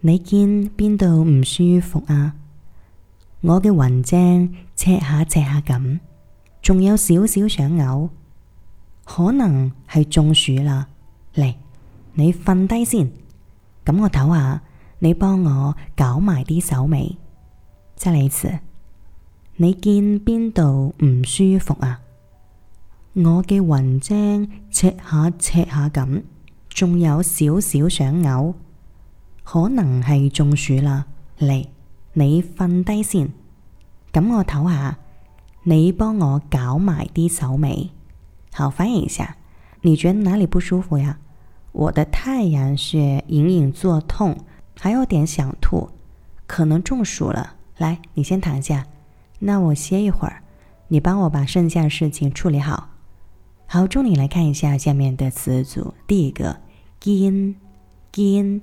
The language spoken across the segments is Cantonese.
你見邊度唔舒服啊？我嘅魂精赤下赤下咁，仲有少少想嘔，可能係中暑啦。嚟，你瞓低先，咁我唞下，你幫我搞埋啲手尾。再嚟一次，你見邊度唔舒服啊？我嘅魂精赤下赤下咁，仲有少少想嘔。可能係中暑啦。嚟，你瞓低先，咁我唞下、啊，你幫我搞埋啲手尾。好，翻譯一下，你覺得哪裏不舒服呀？我的太陽穴隱隱作痛，還有點想吐，可能中暑了。來，你先躺下，那我歇一會兒，你幫我把剩下的事情處理好。好，重點來看一下下面的詞組，第一個見見。見見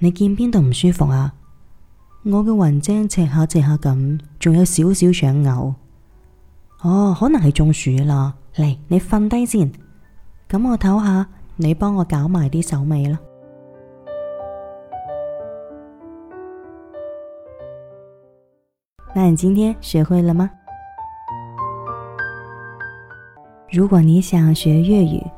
你見邊度唔舒服啊？我嘅魂精赤下赤下咁，仲有少少想嘔。哦，可能係中暑啦。嚟，你瞓低先。咁我唞下，你幫我搞埋啲手尾啦。那你今天學會了嗎？如果你想學粵語。